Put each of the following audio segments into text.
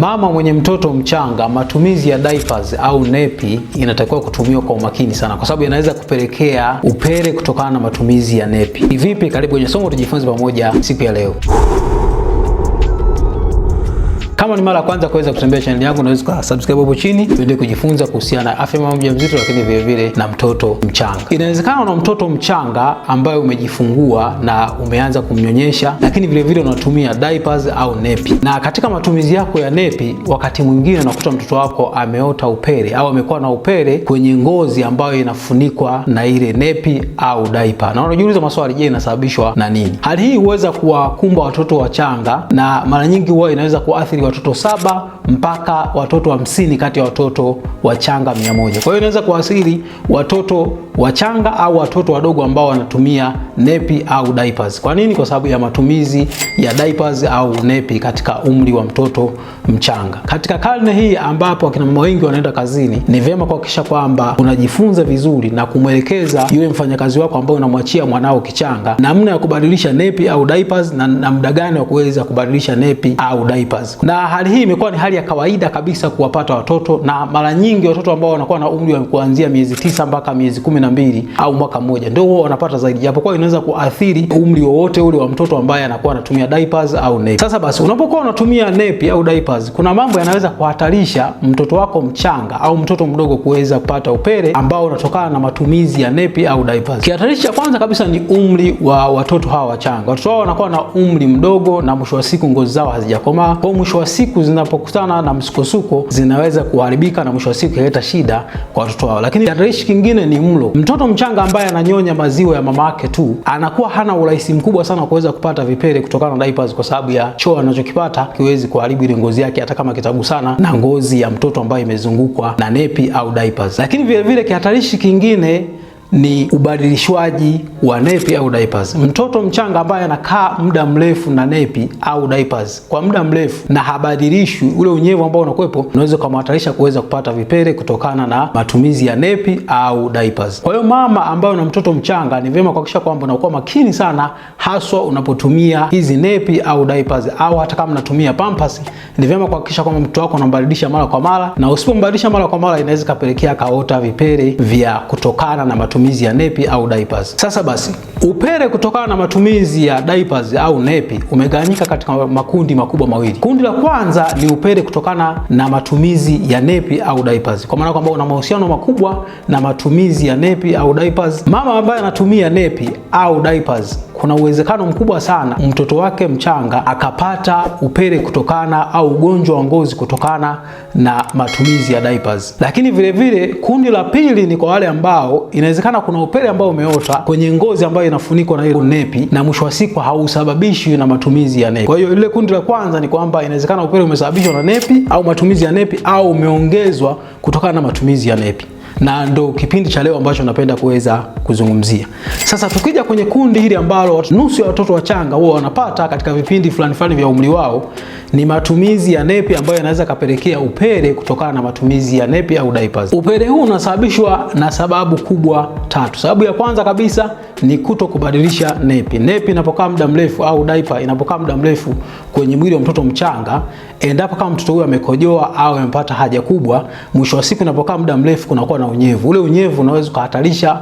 Mama mwenye mtoto mchanga, matumizi ya diapers au nepi inatakiwa kutumiwa kwa umakini sana, kwa sababu yanaweza kupelekea upele kutokana na matumizi ya nepi. Ni vipi? Karibu kwenye somo tujifunze pamoja siku ya leo. Kama ni mara ya kwanza kuweza kutembea channel yangu, unaweza ka subscribe hapo chini, tuende kujifunza kuhusiana na afya mama mjamzito, lakini vile vile na mtoto mchanga. Inawezekana una mtoto mchanga ambaye umejifungua na umeanza kumnyonyesha, lakini vile vile unatumia diapers au nepi, na katika matumizi yako ya nepi, wakati mwingine unakuta mtoto wako ameota upele au amekuwa na upele kwenye ngozi ambayo inafunikwa na ile nepi au diaper, na unajiuliza maswali, je, inasababishwa na nini? Hali hii huweza kuwakumba watoto wachanga na mara nyingi huwa inaweza kuathiri watoto saba mpaka watoto hamsini wa kati ya watoto wachanga mia moja. Kwa hiyo inaweza kuathiri watoto wachanga au watoto wadogo ambao wanatumia nepi au diapers. Kwa nini? Kwa sababu ya matumizi ya diapers au nepi katika umri wa mtoto mchanga. Katika karne hii ambapo akina mama wengi wanaenda kazini, ni vyema kuhakikisha kwamba unajifunza vizuri na kumwelekeza yule mfanyakazi wako ambaye unamwachia mwanao kichanga namna ya kubadilisha nepi au diapers na, na muda gani wa kuweza kubadilisha nepi au diapers. Na hali hii imekuwa ni hali ya kawaida kabisa kuwapata watoto, na mara nyingi watoto ambao wanakuwa na umri wa kuanzia miezi tisa mpaka miezi kumi na mbili au mwaka mmoja ndio huwa wanapata zaidi, japokuwa inaweza kuathiri umri wowote ule wa mtoto ambaye anakuwa anatumia diapers au nepi. Sasa basi, unapokuwa unatumia nepi au diapers, kuna mambo yanaweza kuhatarisha mtoto wako mchanga au mtoto mdogo kuweza kupata upele ambao unatokana na matumizi ya nepi au diapers. Kihatarishi cha kwanza kabisa ni umri wa watoto hawa wachanga. Watoto hao wanakuwa na umri mdogo, na mwisho wa siku ngozi zao hazijakomaa, kwa mwisho wa siku zinapokutana kutokana na msukosuko zinaweza kuharibika na mwisho wa siku kuleta shida kwa watoto wao. Lakini kihatarishi kingine ni mlo. Mtoto mchanga ambaye ananyonya maziwa ya mama yake tu anakuwa hana urahisi mkubwa sana wa kuweza kupata vipele kutokana na diapers, kwa sababu ya choo anachokipata kiwezi kuharibu ile ngozi yake, hata kama kitagusana na ngozi ya mtoto ambaye imezungukwa na nepi au diapers. Lakini vilevile kihatarishi kingine ni ubadilishwaji wa nepi au diapers. Mtoto mchanga ambaye anakaa muda mrefu na nepi au diapers kwa muda mrefu na habadilishwi, ule unyevu ambao unakuwepo unaweza kumhatarisha kuweza kupata vipele kutokana na matumizi ya nepi au diapers. Kwa hiyo mama ambayo na mtoto mchanga, ni vyema kuhakikisha kwamba unakuwa makini sana, haswa unapotumia hizi nepi au diapers, au hata kama unatumia pampers, ni vyema kuhakikisha kwamba mtoto wako unambadilisha mara kwa mara, na usipombadilisha mara kwa mara inaweza kapelekea kaota vipele vya kutokana na matumizi matumizi ya nepi au diapers. Sasa basi, upele kutokana na matumizi ya diapers au nepi umegawanyika katika makundi makubwa mawili. Kundi la kwanza ni upele kutokana na matumizi ya nepi au diapers, kwa maana kwamba una mahusiano makubwa na matumizi ya nepi au diapers. Mama ambaye anatumia nepi au diapers kuna uwezekano mkubwa sana mtoto wake mchanga akapata upele kutokana au ugonjwa wa ngozi kutokana na matumizi ya diapers. Lakini vile vile kundi la pili ni kwa wale ambao inawezekana kuna upele ambao umeota kwenye ngozi ambayo inafunikwa na ile nepi na mwisho wa siku hausababishwi na matumizi ya nepi. Kwa hiyo ile kundi la kwanza ni kwamba inawezekana upele umesababishwa na nepi au matumizi ya nepi au umeongezwa kutokana na matumizi ya nepi na ndo kipindi cha leo ambacho napenda kuweza kuzungumzia. Sasa tukija kwenye kundi hili ambalo nusu ya watoto wachanga huwa wanapata katika vipindi fulani fulani vya umri wao, ni matumizi ya nepi ambayo yanaweza kapelekea upele kutokana na matumizi ya nepi au diapers. Upele huu unasababishwa na sababu kubwa tatu. Sababu ya kwanza kabisa ni kuto kubadilisha nepi. Nepi inapokaa muda mrefu au diaper inapokaa muda mrefu kwenye mwili wa mtoto mchanga, endapo kama mtoto huyo amekojoa au amepata haja kubwa, mwisho wa siku inapokaa muda mrefu kunakuwa na unyevu. Ule unyevu unaweza ukahatarisha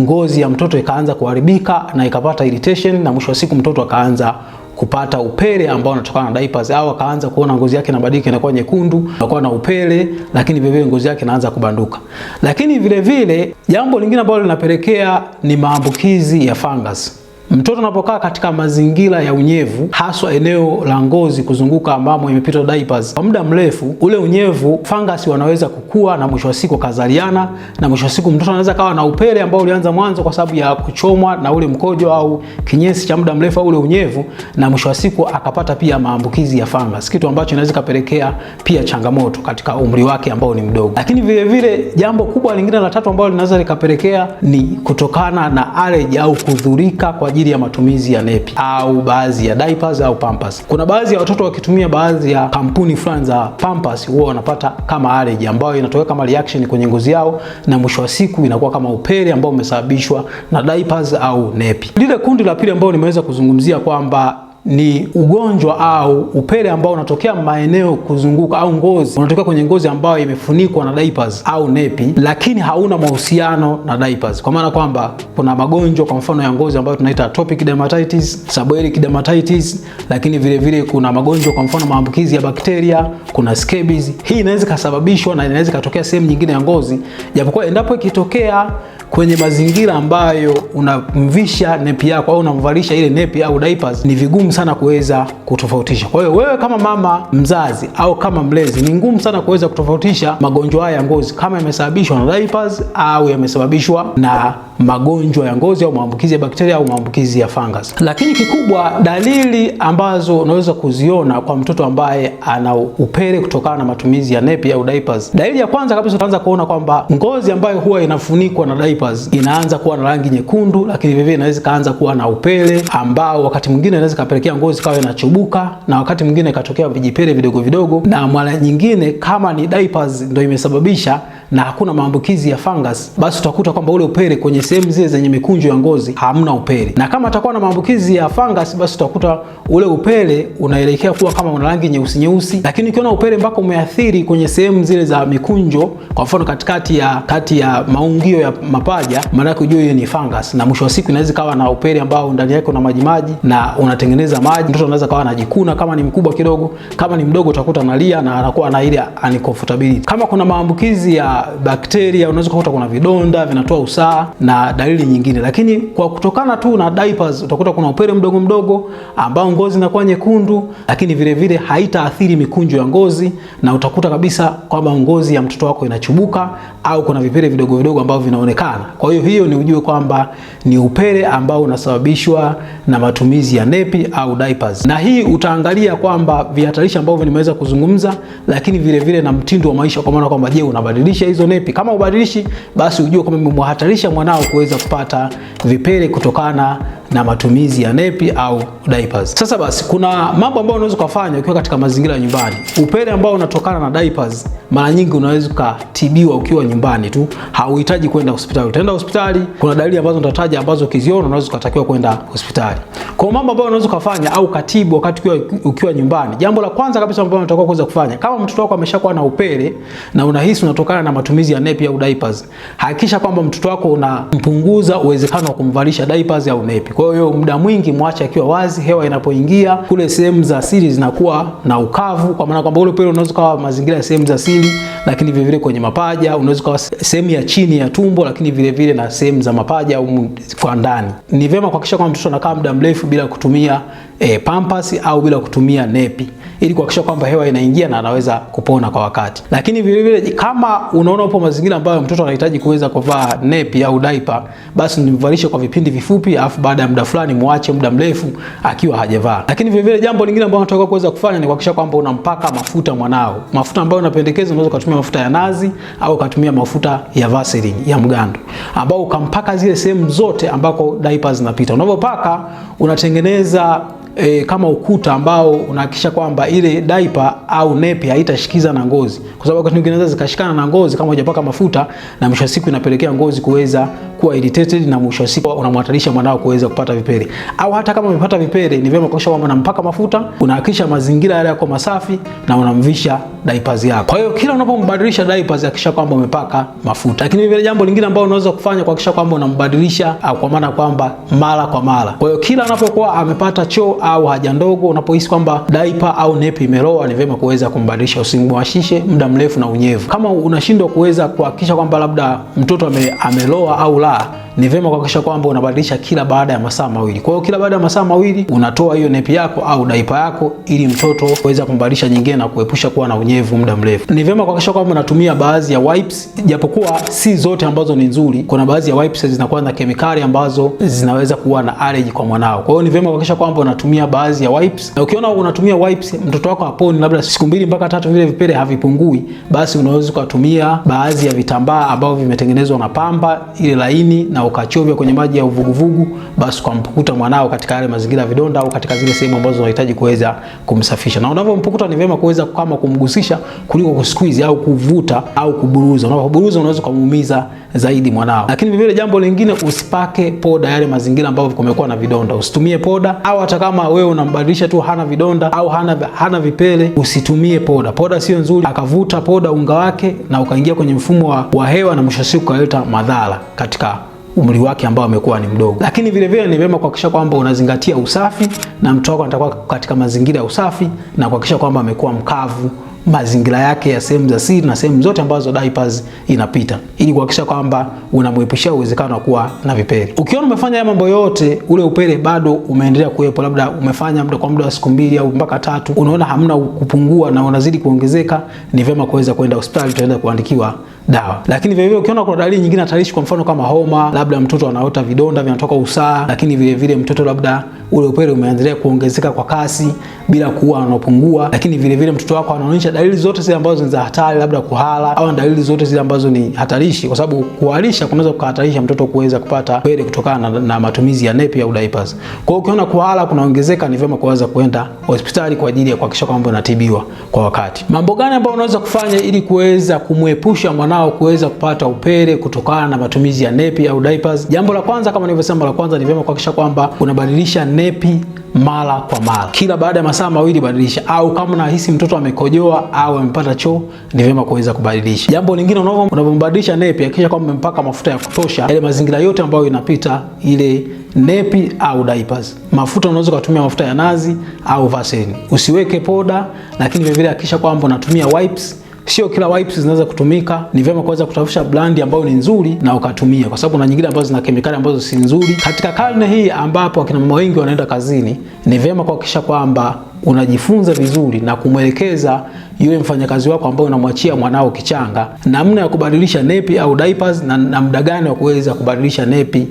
ngozi ya mtoto ikaanza kuharibika na ikapata irritation, na mwisho wa siku mtoto akaanza kupata upele ambao unatokana na diapers au akaanza kuona ngozi yake inabadilika, inakuwa nyekundu, inakuwa na upele, lakini vile vile ngozi yake inaanza kubanduka. Lakini vile vile jambo lingine ambalo linapelekea ni maambukizi ya fungus. Mtoto anapokaa katika mazingira ya unyevu, haswa eneo la ngozi kuzunguka ambamo imepitwa diapers kwa muda mrefu, ule unyevu fangasi wanaweza kukua na mwisho wa siku kazaliana, na mwisho wa siku mtoto anaweza kawa na upele ambao ulianza mwanzo kwa sababu ya kuchomwa na ule mkojo au kinyesi cha muda mrefu au ule unyevu, na mwisho wa siku akapata pia maambukizi ya fangasi, kitu ambacho inaweza kapelekea pia changamoto katika umri wake ambao ni mdogo. Lakini vile vile jambo kubwa lingine la tatu ambalo linaweza likapelekea ni kutokana na allergy au kudhurika kwa ajili ya matumizi ya nepi au baadhi ya diapers au pampers. Kuna baadhi ya watoto wakitumia baadhi ya kampuni fulani za pampers huwa wanapata kama allergy ambayo inatoka kama reaction kwenye ngozi yao, na mwisho wa siku inakuwa kama upele ambao umesababishwa na diapers au nepi. Lile kundi la pili ambao nimeweza kuzungumzia kwamba ni ugonjwa au upele ambao unatokea maeneo kuzunguka au ngozi, unatokea kwenye ngozi ambayo imefunikwa na diapers au nepi, lakini hauna mahusiano na diapers, kwa maana kwamba kuna magonjwa kwa mfano ya ngozi ambayo tunaita atopic dermatitis, seborrheic dermatitis, lakini vile vile kuna magonjwa kwa mfano maambukizi ya bakteria, kuna scabies. Hii inaweza ikasababishwa na inaweza ikatokea sehemu nyingine ya ngozi, japokuwa endapo ikitokea kwenye mazingira ambayo unamvisha nepi yako au unamvalisha ile nepi au diapers, ni vigumu sana kuweza kutofautisha. Kwa hiyo wewe kama mama mzazi au kama mlezi, ni ngumu sana kuweza kutofautisha magonjwa haya ya ngozi kama yamesababishwa na diapers au yamesababishwa na magonjwa ya ngozi au maambukizi ya bakteria au maambukizi ya fungus. Lakini kikubwa, dalili ambazo unaweza kuziona kwa mtoto ambaye ana upele kutokana na matumizi ya nepi au diapers. Dalili ya kwanza kabisa utaanza kuona kwamba ngozi ambayo huwa inafunikwa na diapers inaanza kuwa na rangi nyekundu, lakini vivyo inaweza kaanza kuwa na upele ambao wakati mwingine inaweza kapelekea ngozi kawa inachubuka na wakati mwingine ikatokea vijipele vidogo vidogo, na mara nyingine kama ni diapers ndio imesababisha na hakuna maambukizi ya fungus, basi utakuta kwamba ule upele kwenye sehemu zile zenye mikunjo ya ngozi hamna upele, na kama atakuwa na maambukizi ya fungus, basi utakuta ule upele unaelekea kuwa kama una rangi nyeusi nyeusi. Lakini ukiona upele mpaka umeathiri kwenye sehemu zile za mikunjo, kwa mfano katikati ya kati ya maungio ya mapaja, maana yake hiyo ni fungus, na mwisho wa siku inaweza kawa na upele ambao ndani yake una maji maji na unatengeneza maji. Mtoto anaweza kawa anajikuna kama ni mkubwa kidogo, kama ni mdogo utakuta analia na anakuwa na ile uncomfortability. Kama kuna maambukizi ya bakteria, unaweza kukuta kuna vidonda vinatoa usaha na dalili nyingine, lakini kwa kutokana tu na diapers utakuta kuna upele mdogo mdogo ambao ngozi inakuwa nyekundu, lakini vile vile haitaathiri mikunjo ya ngozi, na utakuta kabisa kwamba ngozi ya mtoto wako inachubuka au kuna vipele vidogo vidogo ambavyo vinaonekana. Kwa hiyo hiyo ni ujue kwamba ni upele ambao unasababishwa na matumizi ya nepi au diapers. Na hii utaangalia kwamba vihatarishi ambavyo nimeweza kuzungumza, lakini vile vile na mtindo wa maisha, kwa maana kwamba je, unabadilisha hizo nepi. Kama ubadilishi, basi ujue kama umemhatarisha mwanao kuweza kupata vipele kutokana na matumizi ya nepi au diapers. Sasa basi, kuna mambo ambayo unaweza kufanya ukiwa katika mazingira ya nyumbani. Upele ambao unatokana na diapers mara nyingi unaweza kutibiwa ukiwa nyumbani tu, hauhitaji kwenda hospitali. Utaenda hospitali, kuna dalili ambazo nitataja ambazo ukiziona unaweza kutakiwa kwenda hospitali. Kwa mambo ambayo unaweza kufanya au katibu wakati ukiwa, ukiwa nyumbani, jambo la kwanza kabisa ambalo unatakiwa kuweza kufanya kama mtoto wako ameshakuwa na upele na unahisi unatokana na matumizi ya nepi au diapers, hakikisha kwamba mtoto wako unampunguza uwezekano wa kumvalisha diapers au nepi. Kwa hiyo muda mwingi mwache akiwa wazi, hewa inapoingia kule sehemu za siri zinakuwa na ukavu, kwa maana kwamba ule upele unaweza ukawa mazingira ya sehemu za siri, lakini vile vile kwenye mapaja unaweza ukawa sehemu ya chini ya tumbo, lakini vile vile na sehemu za mapaja au kwa ndani. Ni vyema kuhakikisha kwamba mtoto anakaa muda mrefu bila kutumia e, pampasi au bila kutumia nepi ili kuhakikisha kwamba hewa inaingia na anaweza kupona kwa wakati. Lakini vile vile kama unaona upo mazingira ambayo mtoto anahitaji kuweza kuvaa nepi au diaper, basi nimvalishe kwa vipindi vifupi, afu baada ya muda fulani muache muda mrefu akiwa hajavaa. Lakini vile vile jambo lingine ambalo unatakiwa kuweza kufanya ni kuhakikisha kwamba unampaka mafuta mwanao. Mafuta ambayo unapendekeza, unaweza kutumia mafuta ya nazi au kutumia mafuta ya Vaseline ya mgando, ambao ukampaka zile sehemu zote ambako diaper zinapita. Unapopaka unatengeneza e, kama ukuta ambao unahakikisha kwamba ile diaper au nepi haitashikiza na ngozi, kwa sababu wakati mwingine zinaweza zikashikana na ngozi kama hujapaka mafuta, na mwisho wa siku inapelekea ngozi kuweza kuwa irritated, na mwisho wa siku unamhatarisha mwanao kuweza kupata vipele. Au hata kama amepata vipele, ni vyema kuhakikisha kwamba unampaka mafuta, unahakikisha mazingira yale yako masafi na unamvisha diapers yako. Kwa hiyo kila unapombadilisha diapers, hakikisha kwamba umepaka mafuta. Lakini vile jambo lingine ambalo unaweza kufanya kuhakikisha kwamba unambadilisha, kwa maana kwamba mara kwa mara. Kwa hiyo kila anapokuwa amepata choo au haja ndogo, unapohisi kwamba daipa au nepi imeloa, ni vyema kuweza kumbadilisha. Usimwashishe muda mrefu na unyevu. Kama unashindwa kuweza kuhakikisha kwamba labda mtoto ame, ameloa au la ni vema kuhakikisha kwamba unabadilisha kila baada ya masaa mawili. Kwa hiyo kila baada ya masaa mawili unatoa hiyo nepi yako au daipa yako, ili mtoto aweze kumbadilisha nyingine na kuepusha kuwa na unyevu muda mrefu. Ni vema kuhakikisha kwamba unatumia baadhi ya wipes, japokuwa si zote ambazo ni nzuri. Kuna baadhi ya wipes zinakuwa na kemikali ambazo zinaweza kuwa na allergy kwa mwanao. Kwa hiyo ni vema kuhakikisha kwamba unatumia baadhi ya wipes, na ukiona unatumia wipes mtoto wako haponi, labda siku mbili mpaka tatu, vile vipele havipungui, basi unaweza ukatumia baadhi ya vitambaa ambavyo vimetengenezwa na pamba ile laini na ukachovya kwenye maji ya uvuguvugu, basi ukampukuta mwanao katika yale mazingira ya vidonda au katika zile sehemu ambazo unahitaji kuweza kumsafisha. Na unavyompukuta ni vyema kuweza kama kumgusisha kuliko kusqueeze au kuvuta au kuburuza. Unapoburuza unaweza kumuumiza zaidi mwanao. Lakini vile jambo lingine, usipake poda yale mazingira ambayo kumekuwa na vidonda. Usitumie poda au hata kama wewe unambadilisha tu hana vidonda au hana hana vipele, usitumie poda. Poda sio nzuri. Akavuta poda unga wake na ukaingia kwenye mfumo wa, wa hewa na mwisho siku kaleta madhara katika umri wake ambao amekuwa ni mdogo. Lakini vile vile ni vyema kuhakikisha kwamba unazingatia usafi na mtoto wako anatakuwa katika mazingira ya usafi na kuhakikisha kwamba amekuwa mkavu mazingira yake ya sehemu za siri na sehemu zote ambazo diapers inapita ili kuhakikisha kwamba unamwepushia uwezekano wa kuwa na vipele. Ukiona umefanya mambo yote, ule upele bado umeendelea kuwepo, labda umefanya muda kwa muda wa siku mbili au mpaka tatu, unaona hamna kupungua na unazidi kuongezeka, ni vyema kuweza kwenda hospitali, utaenda kuandikiwa dawa. Lakini vile vile ukiona kuna dalili nyingine hatarishi, kwa mfano kama homa, labda mtoto anaota vidonda vinatoka usaha, lakini vile vile mtoto labda ule upele umeendelea kuongezeka kwa kasi, bila kuwa anapungua, lakini vile vile mtoto wako anaonyesha dalili zote zile ambazo ni za hatari, labda kuhala au dalili zote zile ambazo ni hatarishi, kwa sababu kuharisha kunaweza kuhatarisha mtoto kuweza kupata kwele kutokana na, na matumizi ya nepi au diapers. Kwa hiyo ukiona kuhala kunaongezeka, ni vyema kuweza kwenda hospitali kwa ajili ya kuhakikisha kwamba unatibiwa kwa wakati. Mambo gani ambayo unaweza kufanya ili kuweza kumwepusha mwanao kuweza kupata upele kutokana na matumizi ya nepi au diapers? Jambo la kwanza kama nilivyosema, la kwanza ni vyema kuhakikisha kwamba unabadilisha nepi mara kwa mara, kila baada ya masaa mawili badilisha, au kama unahisi mtoto amekojoa au amepata choo, ni vyema kuweza kubadilisha. Jambo lingine, unapombadilisha nepi, hakikisha kwamba umempaka mafuta ya kutosha, yale mazingira yote ambayo inapita ile nepi au diapers. Mafuta unaweza kutumia mafuta ya nazi au vaseline, usiweke poda, lakini vile vile hakikisha kwamba unatumia wipes Sio kila wipes zinaweza kutumika. Ni vyema kuweza kutafuta brand ambayo ni nzuri na ukatumia, kwa sababu kuna nyingine ambazo zina kemikali ambazo si nzuri. Katika karne hii ambapo akina mama wengi wanaenda kazini, ni vyema kuhakikisha kwamba unajifunza vizuri na kumwelekeza yule mfanyakazi wako ambaye unamwachia mwanao kichanga namna ya kubadilisha nepi au diapers na, na muda gani wa kuweza kubadilisha nepi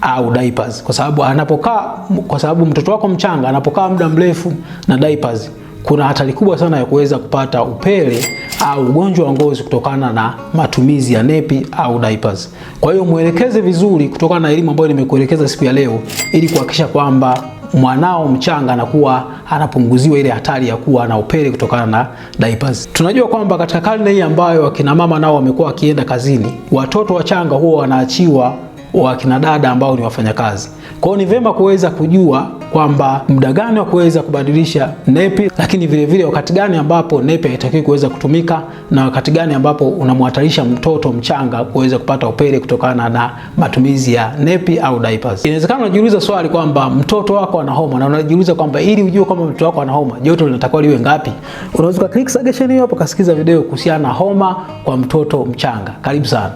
au diapers, kwa sababu anapokaa, kwa sababu mtoto wako mchanga anapokaa muda mrefu na diapers, kuna hatari kubwa sana ya kuweza kupata upele au ugonjwa wa ngozi kutokana na matumizi ya nepi au diapers. Kwa hiyo mwelekeze vizuri kutokana na elimu ambayo nimekuelekeza siku ya leo ili kuhakikisha kwamba mwanao mchanga anakuwa anapunguziwa ile hatari ya kuwa na upele kutokana na diapers. Tunajua kwamba katika karne hii ambayo akina mama nao wamekuwa wakienda kazini, watoto wachanga huwa wanaachiwa wa kina dada ambao ni wafanyakazi. Kwa hiyo ni vema kuweza kujua kwamba muda gani wa kuweza kubadilisha nepi, lakini vile vile wakati gani ambapo nepi haitakiwi kuweza kutumika na wakati gani ambapo unamhatarisha mtoto mchanga kuweza kupata upele kutokana na matumizi ya nepi au diapers. Inawezekana unajiuliza swali kwamba mtoto wako ana homa na unajiuliza kwamba ili ujue kwamba mtoto wako ana homa joto linatakiwa liwe ngapi? Unaweza click suggestion hiyo hapo, kasikiza video kuhusiana na homa kwa mtoto mchanga. Karibu sana.